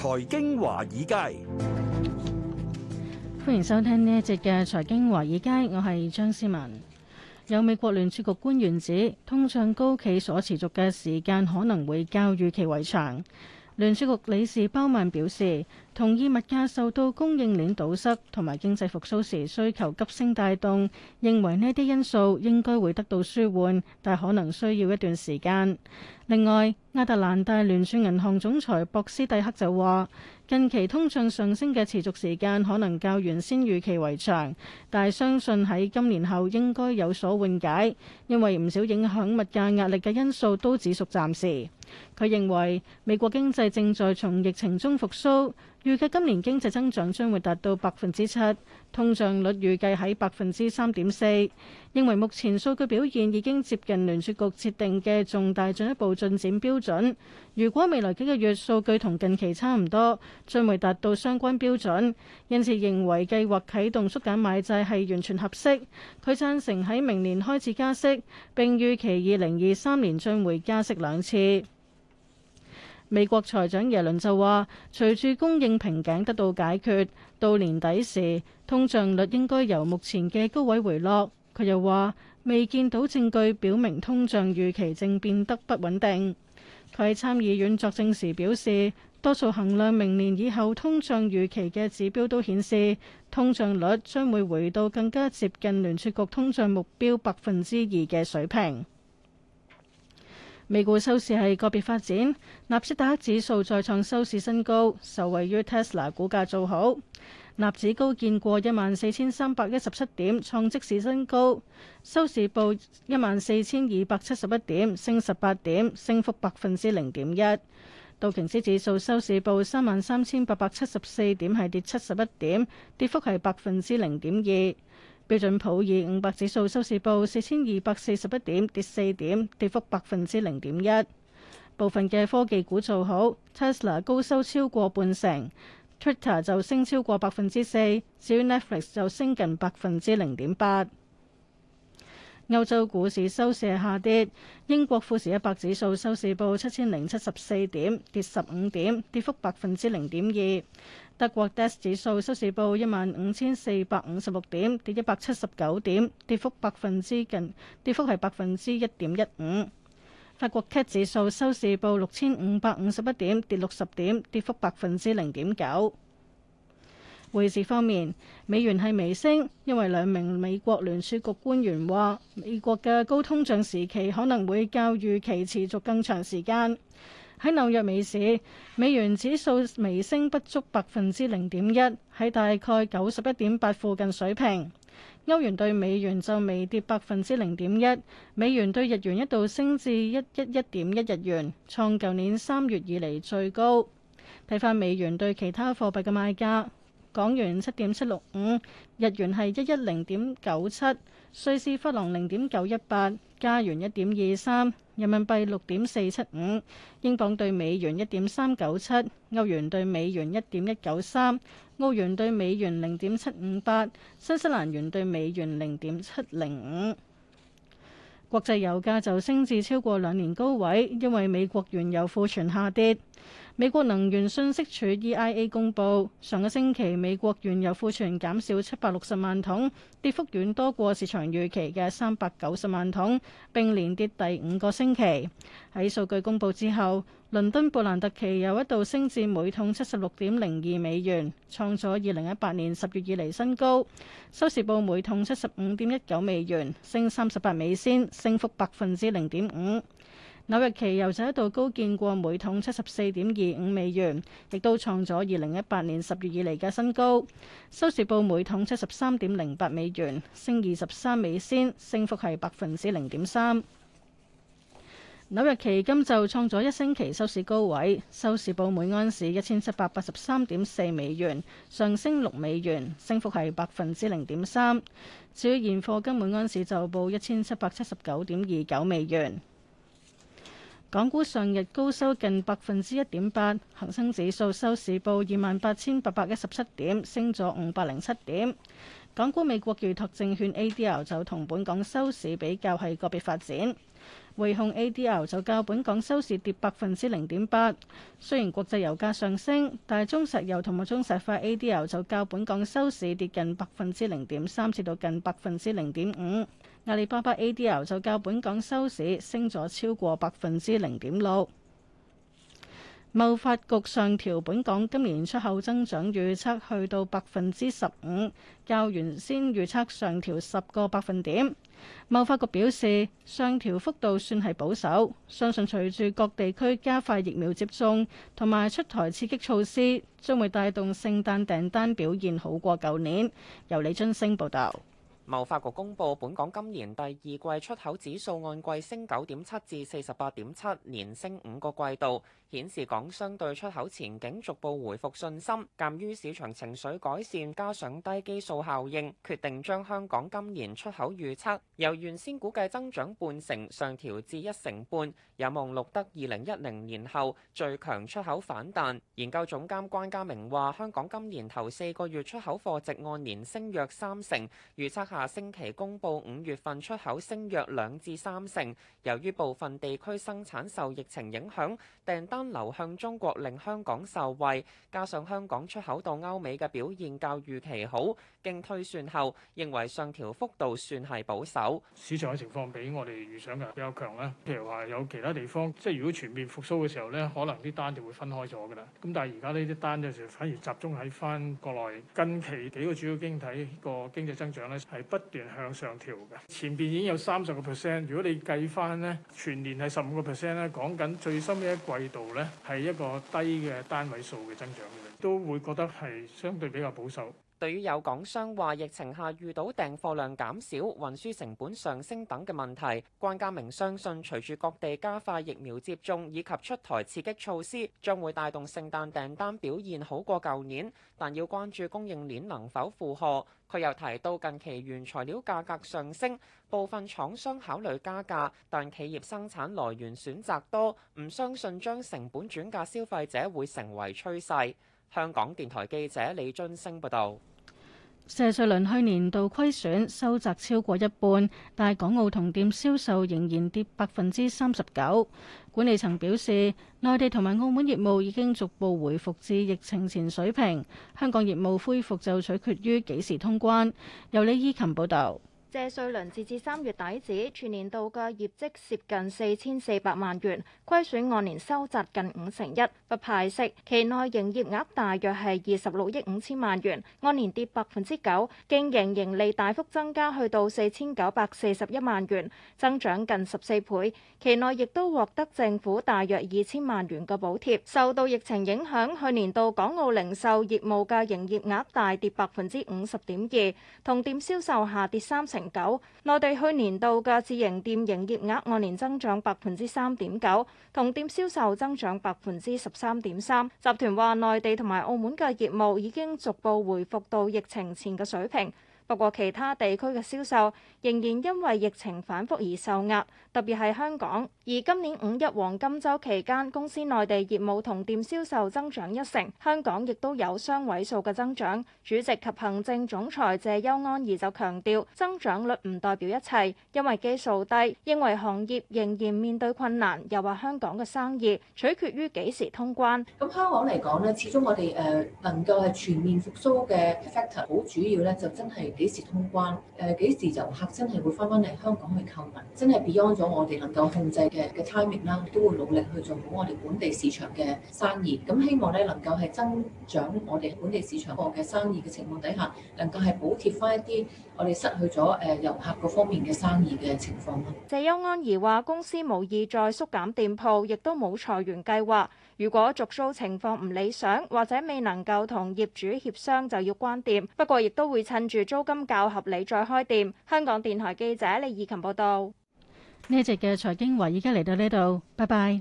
財經華爾街，歡迎收聽呢一節嘅財經華爾街，我係張思文。有美國聯儲局官員指，通脹高企所持續嘅時間可能會較預期為長。聯儲局理事包曼表示，同意物價受到供應鏈堵塞同埋經濟復甦時需求急升帶動，認為呢啲因素應該會得到舒緩，但可能需要一段時間。另外，亞特蘭大聯儲銀行總裁博斯蒂克就話，近期通脹上升嘅持續時間可能較原先預期為長，但相信喺今年後應該有所緩解，因為唔少影響物價壓力嘅因素都只屬暫時。佢認為美國經濟正在從疫情中復甦，預計今年經濟增長將會達到百分之七，通脹率預計喺百分之三點四。認為目前數據表現已經接近聯儲局設定嘅重大進一步進展標準。如果未來幾個月數據同近期差唔多，將會達到相關標準，因此認為計劃啟動縮減買債係完全合適。佢贊成喺明年開始加息，並預期二零二三年將會加息兩次。美國財長耶倫就話，隨住供應瓶頸得到解決，到年底時通脹率應該由目前嘅高位回落。佢又話，未見到證據表明通脹預期正變得不穩定。佢喺參議院作證時表示，多數衡量明年以後通脹預期嘅指標都顯示，通脹率將會回到更加接近聯儲局通脹目標百分之二嘅水平。美股收市係個別發展，納斯達克指數再創收市新高，受惠於 Tesla 股價做好。納指高見過一萬四千三百一十七點，創即市新高，收市報一萬四千二百七十一點，升十八點，升幅百分之零點一。道瓊斯指數收市報三萬三千八百七十四點，係跌七十一點，跌幅係百分之零點二。標準普爾五百指數收市報四千二百四十一點，跌四點，跌幅百分之零點一。部分嘅科技股做好，Tesla 高收超過半成，Twitter 就升超過百分之四，至於 Netflix 就升近百分之零點八。歐洲股市收市下跌，英國富時一百指數收市報七千零七十四點，跌十五點，跌幅百分之零點二。德國 DAX 指數收市報一萬五千四百五十六點，跌一百七十九點，跌幅百分之近跌幅係百分之一點一五。法國 CAC 指數收市報六千五百五十一點，跌六十點，跌幅百分之零點九。匯市方面，美元係微升，因為兩名美國聯儲局官員話，美國嘅高通脹時期可能會較預期持續更長時間。喺紐約美市，美元指數微升不足百分之零點一，喺大概九十一點八附近水平。歐元對美元就微跌百分之零點一，美元對日元一度升至一一一點一日元，創舊年三月以嚟最高。睇翻，美元對其他貨幣嘅賣價。港元七點七六五，日元係一一零點九七，瑞士法郎零點九一八，加元一點二三，人民幣六點四七五，英鎊對美元一點三九七，歐元對美元一點一九三，澳元對美元零點七五八，新西蘭元對美元零點七零五。國際油價就升至超過兩年高位，因為美國原油庫存下跌。美國能源信息署 （EIA） 公佈，上個星期美國原油庫存減少七百六十萬桶，跌幅遠多過市場預期嘅三百九十萬桶，並連跌第五個星期。喺數據公佈之後，倫敦布蘭特期油一度升至每桶七十六點零二美元，創咗二零一八年十月以嚟新高。收市報每桶七十五點一九美元，升三十八美仙，升幅百分之零點五。紐約期油就一度高見過每桶七十四點二五美元，亦都創咗二零一八年十月以嚟嘅新高。收市報每桶七十三點零八美元，升二十三美仙，升幅係百分之零點三。紐約期金就創咗一星期收市高位，收市報每安士一千七百八十三點四美元，上升六美元，升幅係百分之零點三。至於現貨金每安士就報一千七百七十九點二九美元。港股上日高收近百分之一點八，恒生指數收市報二萬八千八百一十七點，升咗五百零七點。港股美國預託證券 A.D.L 就同本港收市比較係個別發展，匯控 A.D.L 就較本港收市跌百分之零點八。雖然國際油價上升，但中石油同埋中石化 A.D.L 就較本港收市跌近百分之零點三至到近百分之零點五。阿里巴巴 A.D.O 就較本港收市升咗超過百分之零點六。貿發局上調本港今年出口增長預測去到百分之十五，較原先預測上調十個百分點。貿發局表示，上調幅度算係保守，相信隨住各地區加快疫苗接種同埋出台刺激措施，將會帶動聖誕訂單表現好過舊年。由李津升報導。貿發局公布，本港今年第二季出口指數按季升九點七至四十八點七，年升五個季度，顯示港商對出口前景逐步回復信心。鑒於市場情緒改善，加上低基數效應，決定將香港今年出口預測，由原先估計增長半成，上調至一成半，有望錄得二零一零年後最強出口反彈。研究總監關家明話：香港今年頭四個月出口貨值按年升約三成，預測下。下星期公布五月份出口升約兩至三成，由於部分地區生產受疫情影響，訂單流向中國令香港受惠，加上香港出口到歐美嘅表現較預期好，經推算後認為上調幅度算係保守。市場嘅情況比我哋預想嘅比較強咧，譬如話有其他地方，即係如果全面復蘇嘅時候咧，可能啲單就會分開咗噶啦。咁但係而家呢啲單有時反而集中喺翻國內，近期幾個主要經濟體個經濟增長咧係。不斷向上調嘅，前邊已經有三十個 percent。如果你計翻咧，全年係十五個 percent 咧，講緊最新嘅一季度咧，係一個低嘅單位數嘅增長嘅，都會覺得係相對比較保守。對於有港商話疫情下遇到訂貨量減少、運輸成本上升等嘅問題，關家明相信隨住各地加快疫苗接種以及出台刺激措施，將會帶動聖誕訂單表現好過舊年。但要關注供應鏈能否負荷。佢又提到近期原材料價格上升，部分廠商考慮加價，但企業生產來源選擇多，唔相信將成本轉嫁消費者會成為趨勢。香港電台記者李津升報導。謝瑞麟去年度虧損收窄超過一半，但港澳同店銷售仍然跌百分之三十九。管理層表示，內地同埋澳門業務已經逐步回復至疫情前水平，香港業務恢復就取決於幾時通關。由李依琴報道。謝瑞麟截至三月底止，全年度嘅業績蝕近四千四百萬元，虧損按年收窄近五成一，不派息。期內營業額大約係二十六億五千萬元，按年跌百分之九，經營盈利大幅增加去到四千九百四十一萬元，增長近十四倍。期內亦都獲得政府大約二千萬元嘅補貼。受到疫情影響，去年度港澳零售業務嘅營業額大跌百分之五十點二，同店銷售下跌三成。九，內地去年度嘅自營店營業額按年增長百分之三點九，同店銷售增長百分之十三點三。集團話內地同埋澳門嘅業務已經逐步回復到疫情前嘅水平，不過其他地區嘅銷售仍然因為疫情反覆而受壓，特別係香港。而今年五一黃金週期間，公司內地業務同店銷售增長一成，香港亦都有雙位數嘅增長。主席及行政總裁謝邱安怡就強調，增長率唔代表一切，因為基數低，認為行業仍然面對困難。又話香港嘅生意取決於幾時通關。咁香港嚟講咧，始終我哋誒能夠係全面復甦嘅 factor 好主要咧，就真係幾時通關，誒幾時遊客真係會翻返嚟香港去購物，真係 beyond 咗我哋能夠控制嘅。嘅 timing 啦，都會努力去做好我哋本地市場嘅生意。咁希望呢，能夠係增長我哋本地市場個嘅生意嘅情況底下，能夠係補貼返一啲我哋失去咗誒遊客嗰方面嘅生意嘅情況啦。謝優安兒話：公司無意再縮減店鋪，亦都冇裁員計劃。如果續租情況唔理想，或者未能夠同業主協商，就要關店。不過亦都會趁住租金較合理再開店。香港電台記者李怡琴報道。呢一節嘅財經華，而家嚟到呢度，拜拜。